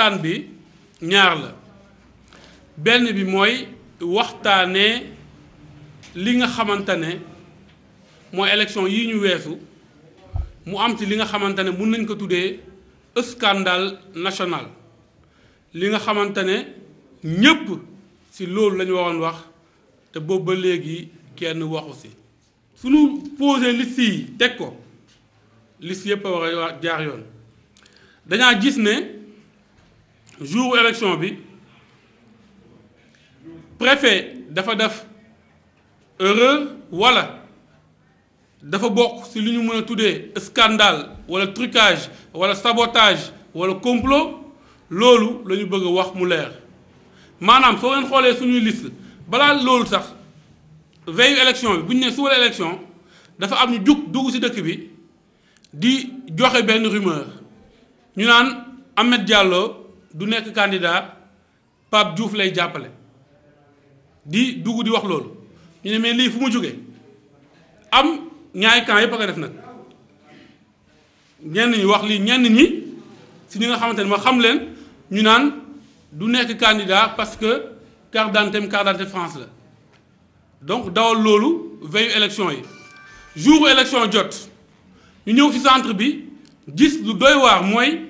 waxtaan bi ñaar la benn bi mooy waxtaanee li nga xamante ne mooy élection yi ñu weesu mu am ci li nga xamante ne mun nañ ko tuddee scandale national li nga xamante ne ñépp ci loolu la ñu wax te boobu ba léegi kenn waxu ci suñu posé liste teg ko liste yépp a war a jaar yoon dañaa gis ne jour élection bi préfet dafa def erreur wala dafa bokk ci liñu mëna mën scandale wala trucage wala sabotage wala complot lolu lañu bëgg wax mu lèr manam soo leen xoolee suñuy liste bala lolu sax veille élection bi bu né nee élection dafa am ñu jug dugg ci dëkk bi di joxe benn rumeur ñu naan Ahmed Diallo du nek candidat Pape Diouf lay jappalé di dugu di wax loolu ñu ne mais li fu mu am ñaay kan yëpp a Ni def ni ñen ñi wax li ñen ñi si ñi nga xamante ma xam leen ñu naan du nek candidat parce que carte d'identité carte France la donc dawal loolu veille élection yi jour élection jot ñu ñëw fi centre bi gis lu doy war moy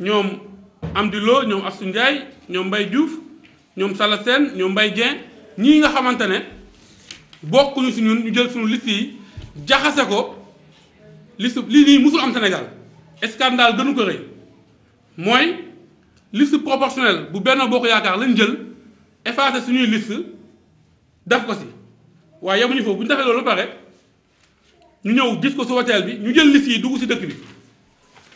ñoom Amdi Lo ñoom Assou Ndiaye ñoom mbay Diouf ñoom Sala Sène ñoom mbay Dieng ñii nga xamante ne bokkuñu si ñun ñu jël suñu liste yi jaxase ko liste lii nii musul am senegal scandale gënu ko rëy mooy liste proportionnelle bu benn Bokk Yaakaar lañu jël effacé suñuy list def ko si waaye yemuñu foofu bu ñu defee loolu pare ñu ñëw gis ko si hôtel bi ñu jël liste yi dugg si dëkk bi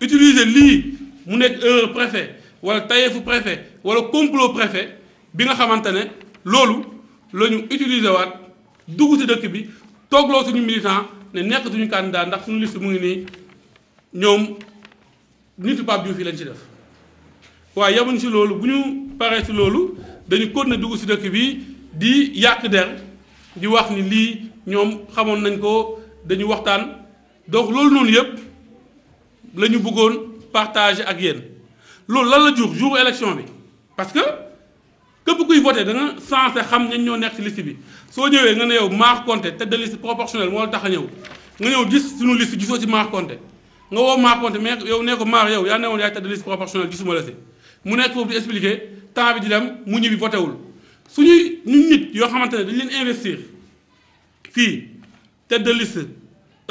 utiliser li mu nek erreur préfet wala tayeefu préfet wala complot préfet bi nga xamante lolu lañu utiliser wat dugg si bi toogloo suñu militant ne nekk suñu candidat ndax suñu liste mu ngi ni ñom nitu Pape Diouf yi lañ ci def wa yamuñ si lolu, bu ñu paree si loolu dañu continuer dugg si bi di yàq der di wax ni li ñom xamone nañ ko dañu waxtaan donc lolu non yëpp la nous bëggoon partager avec lan la jour élection parce que sans kuy da nga xam ñoo liste bi on ñëwee nga Conté, tête de liste proportionnelle moo la tax nga 10 sur suñu liste gisoo ci nga mais yow liste, ko yow tête de liste proportionnelle gisuma la si mu nekk expliquer voté suñuy investir tête de liste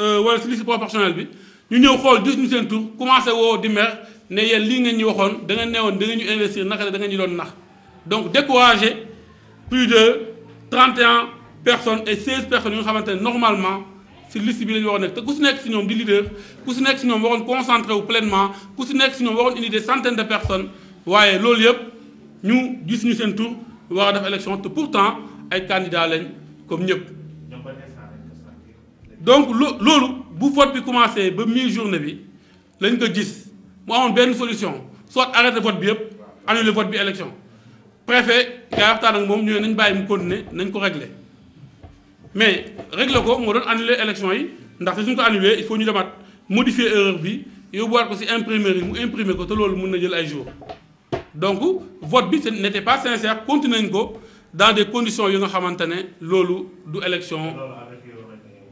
euh, liste proportionnelle ñu ñëw xool gis ñu seen tur commencé woo di mer ne yéen lii ngeen ñu waxoon da ngeen newoon da ngeen ñu investir naka la da ngeen ñu doon nax donc découragé plus de 31 personnes et 16 personnes yu nga xamante ne normalement si liste bi la ñu waroon nekk te ku si nekk si ñoom di leader ku si nekk si ñoom waroon concentré wu pleinement ku si nekk si ñoom waroon indi des centaines de personnes waaye loolu yëpp ñu gis ñu seen tour war a def élection te pourtant ay candidat lañ comme ñëpp donc loolu bu vote bi commencé ba mi journée bi lañ ko gis mu amoon benn solution soit arrêté vote bi yëpp annulé vote bi élection préfet gaa waxtaan ak moom ñu ne nañ bàyyi mu continuer nañ ko réglé mais réglé ko moo doon annulé élection yi ndax si suñ ko annulé il faut ñu demaat modifier erreur bi yóbbuwaat ko si imprimerie mu imprimer ko te loolu mun na jël ay jours donc vote bi n'était pas sincère continué nañ ko dans des conditions yu nga xamante ne loolu du élection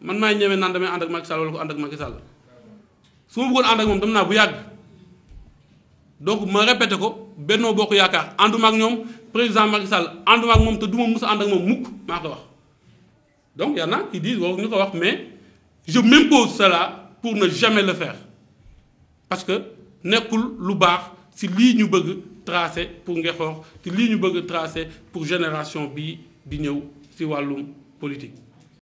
man maay ñëwee naan damay and ak Macky Sall wala ko and ak Macky Sall su ma bëggoon and ak moom dem naa bu yàgg donc ma répété ko Benno Bokk Yaakaar ànduma ak ñoom président Macky Sall ànduma ak moom te duma ma and ak moom mukk maa ko wax. donc y en a qui disent waruñu ko wax mais je m'impose cela pour ne jamais le faire parce que nekkul lu baax si lii ñu bëgg tracé pour Nguekokh te lii ñu bëgg tracé pour génération bii di ñëw si wàllum politique.